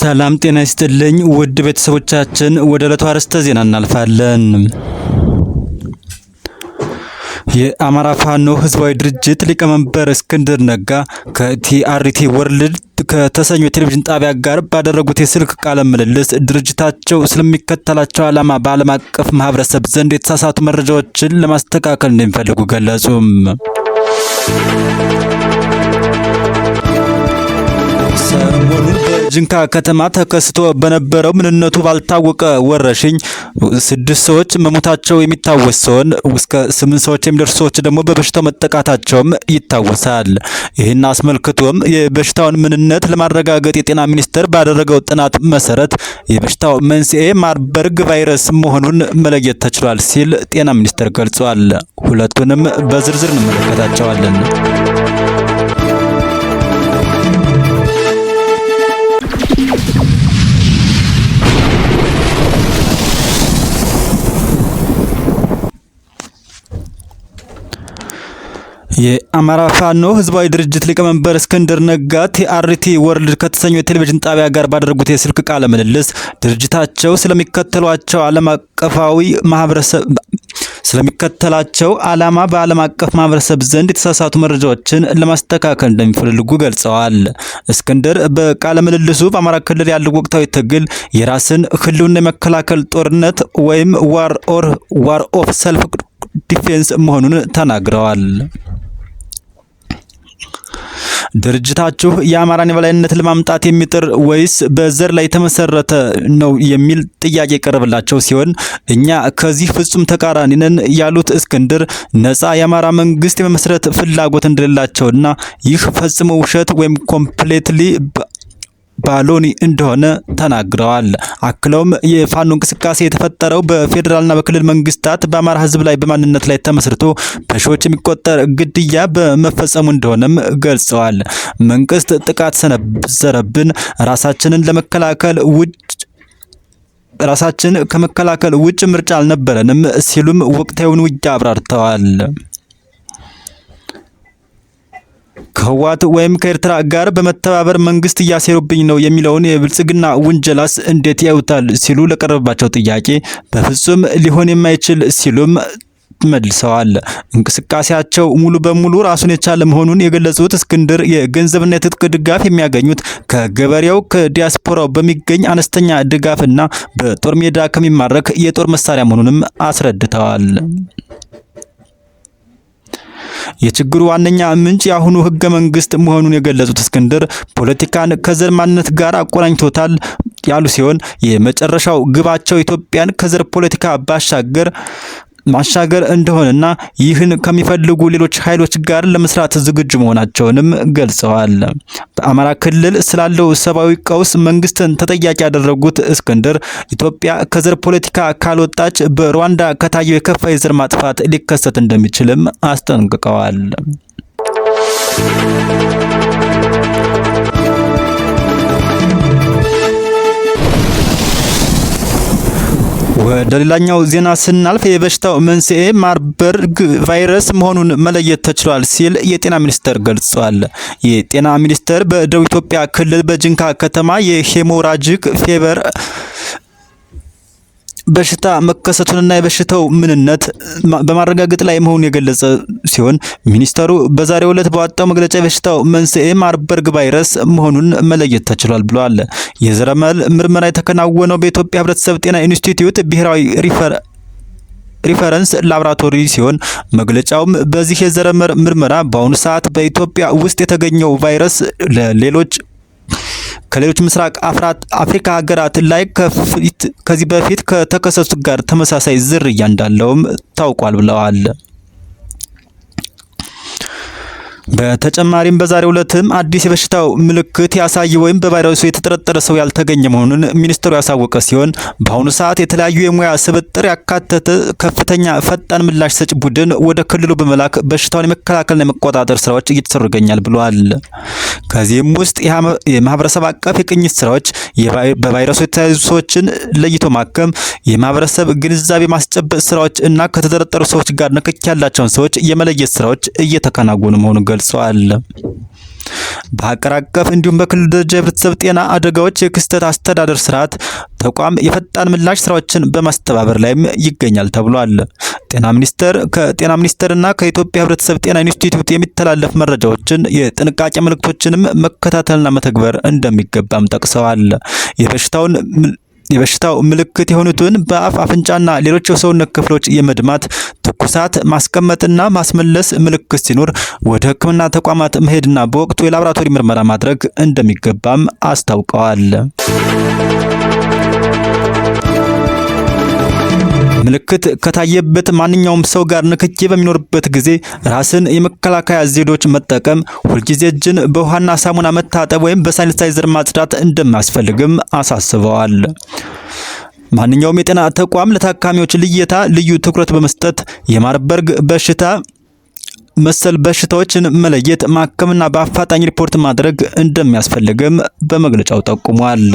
ሰላም ጤና ይስጥልኝ ውድ ቤተሰቦቻችን፣ ወደ ዕለቱ አርዕስተ ዜና እናልፋለን። የአማራ ፋኖ ህዝባዊ ድርጅት ሊቀመንበር እስክንድር ነጋ ከቲአርቲ ወርልድ ከተሰኘው የቴሌቪዥን ጣቢያ ጋር ባደረጉት የስልክ ቃለ ምልልስ ድርጅታቸው ስለሚከተላቸው ዓላማ በዓለም አቀፍ ማህበረሰብ ዘንድ የተሳሳቱ መረጃዎችን ለማስተካከል እንደሚፈልጉ ገለጹም። ጅንካ በጅንካ ከተማ ተከስቶ በነበረው ምንነቱ ባልታወቀ ወረሽኝ ስድስት ሰዎች መሞታቸው የሚታወስ ሲሆን እስከ ስምንት ሰዎች የሚደርሱ ሰዎች ደግሞ በበሽታው መጠቃታቸውም ይታወሳል። ይህን አስመልክቶም የበሽታውን ምንነት ለማረጋገጥ የጤና ሚኒስቴር ባደረገው ጥናት መሰረት የበሽታው መንስኤ ማርበርግ ቫይረስ መሆኑን መለየት ተችሏል ሲል ጤና ሚኒስቴር ገልጿል። ሁለቱንም በዝርዝር እንመለከታቸዋለን። የአማራ ፋኖ ህዝባዊ ድርጅት ሊቀመንበር እስክንድር ነጋ ቲአርቲ ወርልድ ከተሰኘው የቴሌቪዥን ጣቢያ ጋር ባደረጉት የስልክ ቃለ ምልልስ ድርጅታቸው ስለሚከተሏቸው ዓለም አቀፋዊ ማህበረሰብ ስለሚከተላቸው ዓላማ በዓለም አቀፍ ማህበረሰብ ዘንድ የተሳሳቱ መረጃዎችን ለማስተካከል እንደሚፈልጉ ገልጸዋል። እስክንድር በቃለ ምልልሱ በአማራ ክልል ያለው ወቅታዊ ትግል የራስን ህልውና የመከላከል ጦርነት ወይም ዋር ኦር ዋር ኦፍ ሰልፍ ዲፌንስ መሆኑን ተናግረዋል። ድርጅታችሁ የአማራን የበላይነት ለማምጣት የሚጥር ወይስ በዘር ላይ የተመሰረተ ነው የሚል ጥያቄ የቀረበላቸው ሲሆን እኛ ከዚህ ፍጹም ተቃራኒ ነን ያሉት እስክንድር ነጻ የአማራ መንግስት የመመስረት ፍላጎት እንደሌላቸውና ይህ ፈጽሞ ውሸት ወይም ኮምፕሌትሊ ባሎኒ እንደሆነ ተናግረዋል። አክለውም የፋኖ እንቅስቃሴ የተፈጠረው በፌዴራልና በክልል መንግስታት በአማራ ህዝብ ላይ በማንነት ላይ ተመስርቶ በሺዎች የሚቆጠር ግድያ በመፈጸሙ እንደሆነም ገልጸዋል። መንግስት ጥቃት ሰነዘረብን ራሳችንን ለመከላከል ውጭ ራሳችን ከመከላከል ውጭ ምርጫ አልነበረንም ሲሉም ወቅታዊውን ውጊያ አብራርተዋል። ከህወሓት ወይም ከኤርትራ ጋር በመተባበር መንግስት እያሴሩብኝ ነው የሚለውን የብልጽግና ውንጀላስ እንዴት ያዩታል ሲሉ ለቀረበባቸው ጥያቄ በፍጹም ሊሆን የማይችል ሲሉም መልሰዋል። እንቅስቃሴያቸው ሙሉ በሙሉ ራሱን የቻለ መሆኑን የገለጹት እስክንድር የገንዘብና የትጥቅ ድጋፍ የሚያገኙት ከገበሬው ከዲያስፖራው በሚገኝ አነስተኛ ድጋፍና በጦር ሜዳ ከሚማረክ የጦር መሳሪያ መሆኑንም አስረድተዋል። የችግሩ ዋነኛ ምንጭ የአሁኑ ህገ መንግስት መሆኑን የገለጹት እስክንድር ፖለቲካን ከዘር ማንነት ጋር አቆራኝቶታል ያሉ ሲሆን የመጨረሻው ግባቸው ኢትዮጵያን ከዘር ፖለቲካ ባሻገር ማሻገር እንደሆነና ይህን ከሚፈልጉ ሌሎች ኃይሎች ጋር ለመስራት ዝግጁ መሆናቸውንም ገልጸዋል። በአማራ ክልል ስላለው ሰብአዊ ቀውስ መንግስትን ተጠያቂ ያደረጉት እስክንድር ኢትዮጵያ ከዘር ፖለቲካ ካልወጣች በሩዋንዳ ከታየው የከፋ የዘር ማጥፋት ሊከሰት እንደሚችልም አስጠንቅቀዋል። ወደ ሌላኛው ዜና ስናልፍ የበሽታው መንስኤ ማርበርግ ቫይረስ መሆኑን መለየት ተችሏል ሲል የጤና ሚኒስቴር ገልጿል። የጤና ሚኒስቴር በደቡብ ኢትዮጵያ ክልል በጅንካ ከተማ የሄሞራጂክ ፌቨር በሽታ መከሰቱንና የበሽታው ምንነት በማረጋገጥ ላይ መሆኑን የገለጸ ሲሆን ሚኒስተሩ በዛሬው ዕለት ባወጣው መግለጫ የበሽታው መንስኤ ማርበርግ ቫይረስ መሆኑን መለየት ተችሏል ብለዋል። የዘረመል ምርመራ የተከናወነው በኢትዮጵያ ሕብረተሰብ ጤና ኢንስቲትዩት ብሔራዊ ሪፈር ሪፈረንስ ላብራቶሪ ሲሆን መግለጫውም በዚህ የዘረመር ምርመራ በአሁኑ ሰዓት በኢትዮጵያ ውስጥ የተገኘው ቫይረስ ለሌሎች ከሌሎች ምስራቅ አፍሪካ ሀገራት ላይ ከዚህ በፊት ከተከሰሱት ጋር ተመሳሳይ ዝርያ እንዳለውም ታውቋል ብለዋል። በተጨማሪም በዛሬው ዕለትም አዲስ የበሽታው ምልክት ያሳየ ወይም በቫይረሱ የተጠረጠረ ሰው ያልተገኘ መሆኑን ሚኒስትሩ ያሳወቀ ሲሆን በአሁኑ ሰዓት የተለያዩ የሙያ ስብጥር ያካተተ ከፍተኛ ፈጣን ምላሽ ሰጭ ቡድን ወደ ክልሉ በመላክ በሽታውን የመከላከልና የመቆጣጠር ስራዎች እየተሰሩ ይገኛል ብሏል። ከዚህም ውስጥ የማህበረሰብ አቀፍ የቅኝት ስራዎች፣ በቫይረሱ የተያዙ ሰዎችን ለይቶ ማከም፣ የማህበረሰብ ግንዛቤ ማስጨበጥ ስራዎች እና ከተጠረጠሩ ሰዎች ጋር ንክኪ ያላቸውን ሰዎች የመለየት ስራዎች እየተከናወኑ መሆኑን ገልጿል። የሚባል አለ። በሀገር አቀፍ እንዲሁም በክልል ደረጃ የህብረተሰብ ጤና አደጋዎች የክስተት አስተዳደር ስርዓት ተቋም የፈጣን ምላሽ ስራዎችን በማስተባበር ላይም ይገኛል ተብሏል። ጤና ሚኒስቴር ከጤና ሚኒስቴርና ከኢትዮጵያ ህብረተሰብ ጤና ኢንስቲትዩት የሚተላለፍ መረጃዎችን የጥንቃቄ መልእክቶችንም መከታተልና መተግበር እንደሚገባም ጠቅሰዋል። የበሽታውን የበሽታው ምልክት የሆኑትን በአፍ አፍንጫና ሌሎች የሰውነት ክፍሎች የመድማት፣ ትኩሳት፣ ማስቀመጥና ማስመለስ ምልክት ሲኖር ወደ ሕክምና ተቋማት መሄድና በወቅቱ የላብራቶሪ ምርመራ ማድረግ እንደሚገባም አስታውቀዋል። ምልክት ከታየበት ማንኛውም ሰው ጋር ንክኪ በሚኖርበት ጊዜ ራስን የመከላከያ ዘዴዎች መጠቀም፣ ሁልጊዜ እጅን በውሃና ሳሙና መታጠብ ወይም በሳኒታይዘር ማጽዳት እንደማያስፈልግም አሳስበዋል። ማንኛውም የጤና ተቋም ለታካሚዎች ልየታ ልዩ ትኩረት በመስጠት የማርበርግ በሽታ መሰል በሽታዎችን መለየት፣ ማከምና በአፋጣኝ ሪፖርት ማድረግ እንደሚያስፈልግም በመግለጫው ጠቁሟል።